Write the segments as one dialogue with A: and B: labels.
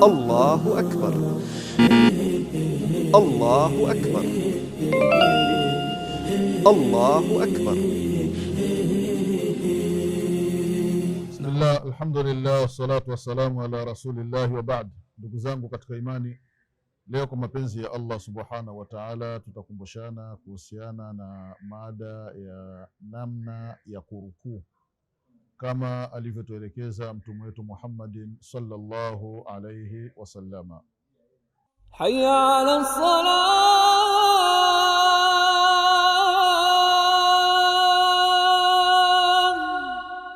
A: الله أكبر الله أكبر الله أكبر بسم الله الحمد لله والصلاة والسلام على رسول الله وبعد دقزانك كتخيماني leo ليكم ما ya الله سبحانه وتعالى tutakumbushana kuhusiana na مادا يا نامنا يا kurukuu kama alivyotuelekeza mtume wetu Muhammadin sallallahu alayhi wasallama.
B: Hayya ala sala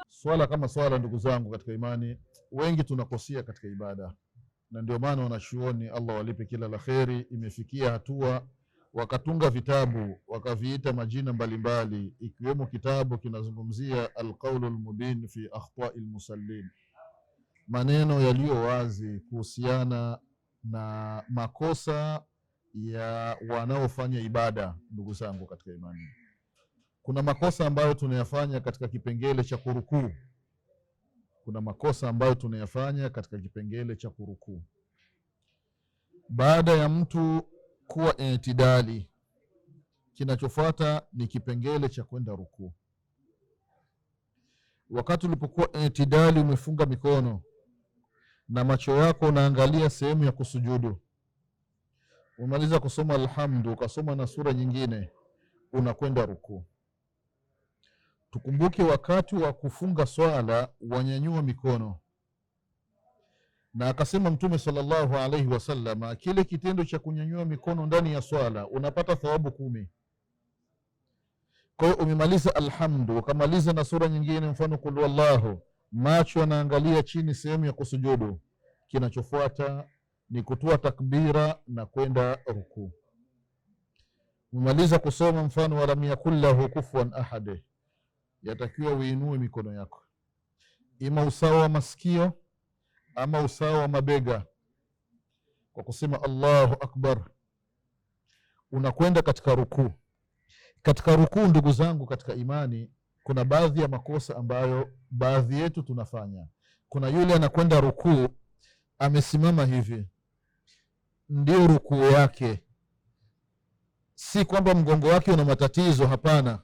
A: Swala kama swala, ndugu zangu katika imani, wengi tunakosea katika ibada, na ndio maana wanachuoni, Allah walipe kila la kheri, imefikia hatua wakatunga vitabu wakaviita majina mbalimbali, ikiwemo kitabu kinazungumzia alqaulu lmubin fi akhtai lmusallin, maneno yaliyo wazi kuhusiana na makosa ya wanaofanya ibada. Ndugu zangu katika imani, kuna makosa ambayo tunayafanya katika kipengele cha kurukuu. Kuna makosa ambayo tunayafanya katika kipengele cha kurukuu baada ya mtu kuwa itidali. Kinachofuata ni kipengele cha kwenda rukuu. Wakati ulipokuwa itidali, umefunga mikono na macho yako unaangalia sehemu ya kusujudu, umemaliza kusoma alhamdu, ukasoma na sura nyingine, unakwenda rukuu. Tukumbuke wakati wa kufunga swala wanyanyua mikono na akasema Mtume sallallahu alaihi wasalama, kile kitendo cha kunyanyua mikono ndani ya swala unapata thawabu kumi. Kwa hiyo umemaliza alhamdu, ukamaliza na sura nyingine, mfano kul wallahu, macho yanaangalia chini sehemu ya kusujudu. Kinachofuata ni kutoa takbira na kwenda rukuu. Umemaliza kusoma mfano walam yakun lahu kufuan ahade, yatakiwa uinue mikono yako, ima usawa wa masikio ama usawa wa mabega kwa kusema Allahu akbar, unakwenda katika rukuu. Katika rukuu, ndugu zangu katika imani, kuna baadhi ya makosa ambayo baadhi yetu tunafanya. Kuna yule anakwenda rukuu amesimama hivi, ndio rukuu yake, si kwamba mgongo wake una matatizo. Hapana,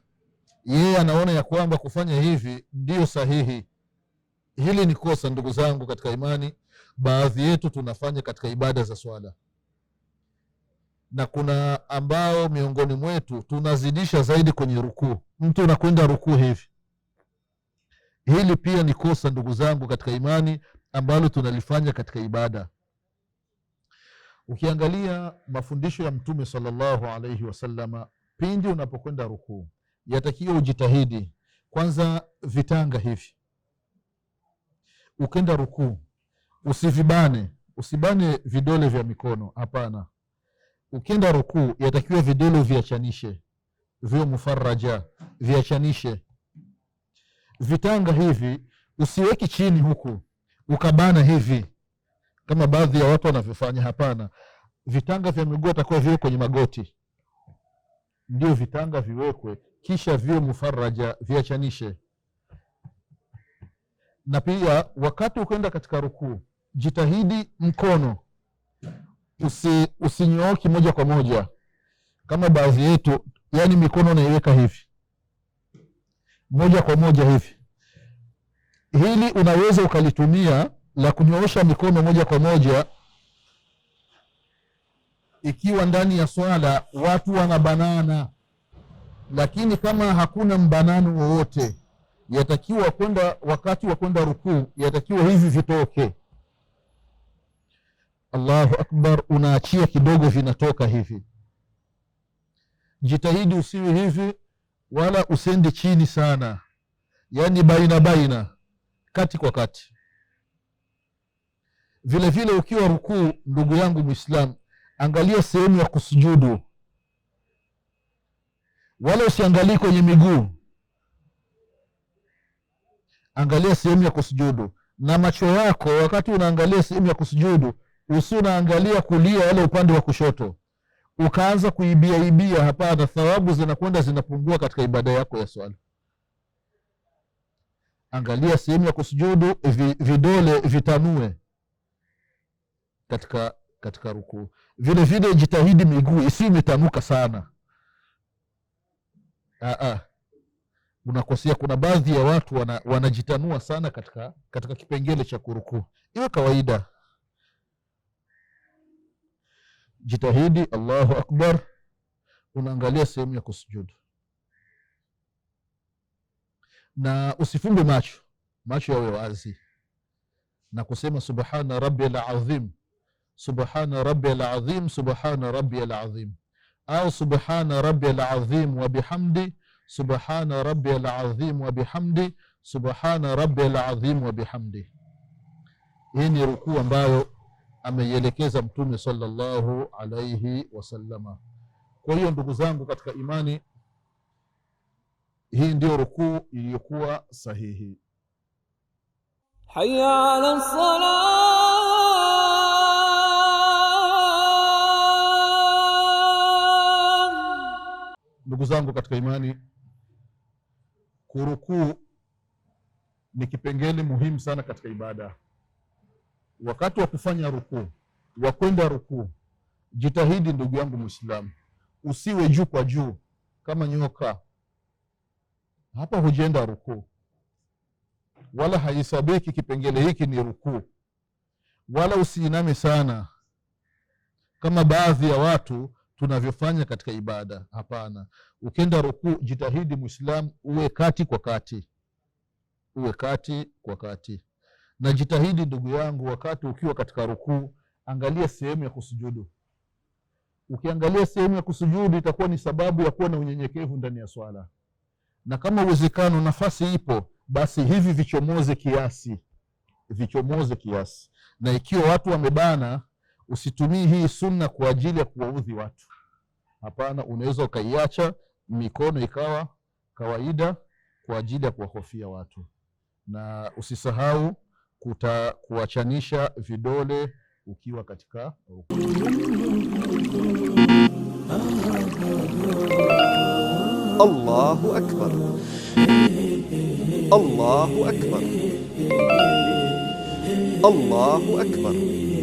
A: yeye anaona ya kwamba kufanya hivi ndio sahihi Hili ni kosa ndugu zangu katika imani. Baadhi yetu tunafanya katika ibada za swala, na kuna ambao miongoni mwetu tunazidisha zaidi kwenye rukuu, mtu unakwenda rukuu hivi. Hili pia ni kosa ndugu zangu katika imani ambalo tunalifanya katika ibada. Ukiangalia mafundisho ya Mtume sallallahu alaihi wasallama, pindi unapokwenda rukuu, yatakiwa ujitahidi kwanza vitanga hivi Ukenda rukuu usivibane, usibane vidole vya mikono, hapana. ukenda rukuu yatakiwa vidole viachanishe, vio mufaraja viachanishe. Vitanga hivi usiweki chini huku ukabana hivi kama baadhi ya watu wanavyofanya, hapana. Vitanga vya miguu atakuwa viwe kwenye magoti, ndio vitanga viwekwe, kisha vyo mufaraja viachanishe na pia wakati ukenda katika rukuu jitahidi mkono usi, usinyooki moja kwa moja kama baadhi yetu, yaani mikono naiweka hivi moja kwa moja hivi. Hili unaweza ukalitumia la kunyoosha mikono moja kwa moja ikiwa ndani ya swala watu wanabanana, lakini kama hakuna mbanano wowote yatakiwa kwenda wakati wa kwenda rukuu, yatakiwa hizi zitoke. Allahu akbar, unaachia kidogo, vinatoka hivi. Jitahidi usiwe hivi, wala usendi chini sana, yaani baina baina, kati kwa kati. Vile vile ukiwa rukuu, ndugu yangu Muislam, angalia sehemu ya kusujudu, wala usiangalii kwenye miguu angalia sehemu ya kusujudu na macho yako wakati unaangalia sehemu ya kusujudu usi unaangalia kulia wala upande wa kushoto ukaanza kuibiaibia hapana thawabu zinakwenda zinapungua katika ibada yako ya swala angalia sehemu ya kusujudu vidole vitanue katika katika rukuu vilevile jitahidi miguu isiyo imetanuka sana Aa, ah, ah unakosea. Kuna baadhi ya watu wana, wanajitanua sana katika, katika kipengele cha kurukuu. Iwe kawaida, jitahidi. Allahu akbar, unaangalia sehemu ya kusujudu na usifumbe macho, macho yawe wazi na kusema subhana rabbil azim, subhana rabi azim, subhana rabi azim au subhana rabi azim wa bihamdi subhana rabbi alazim wa bihamdi, subhana rabbi alazim wa bihamdi. Hii ni rukuu ambayo ameielekeza Mtume sallallahu alaihi wasallama. Kwa hiyo ndugu zangu katika imani, hii ndio rukuu iliyokuwa sahihi.
B: Hayya ala salat
A: Ndugu zangu katika imani, Kurukuu ni kipengele muhimu sana katika ibada. Wakati wa kufanya rukuu, wa kwenda rukuu, jitahidi ndugu yangu Mwislamu, usiwe juu kwa juu kama nyoka. Hapa hujenda rukuu, wala haisabiki kipengele hiki ni rukuu, wala usiiname sana kama baadhi ya watu tunavyofanya katika ibada. Hapana, ukienda rukuu, jitahidi mwislamu uwe kati kwa kati, uwe kati kwa kati. Na jitahidi ndugu yangu, wakati ukiwa katika rukuu, angalia sehemu ya kusujudu. Ukiangalia sehemu ya kusujudu, itakuwa ni sababu ya kuwa na unyenyekevu ndani ya swala, na kama uwezekano, nafasi ipo, basi hivi vichomoze kiasi, vichomoze kiasi. Na ikiwa watu wamebana, usitumii hii sunna kwa ajili ya kuwaudhi watu. Hapana, unaweza ukaiacha mikono ikawa kawaida kwa ajili ya kuwahofia watu, na usisahau kuta kuachanisha vidole ukiwa katika
B: Allahu akbar, Allahu akbar, Allahu akbar.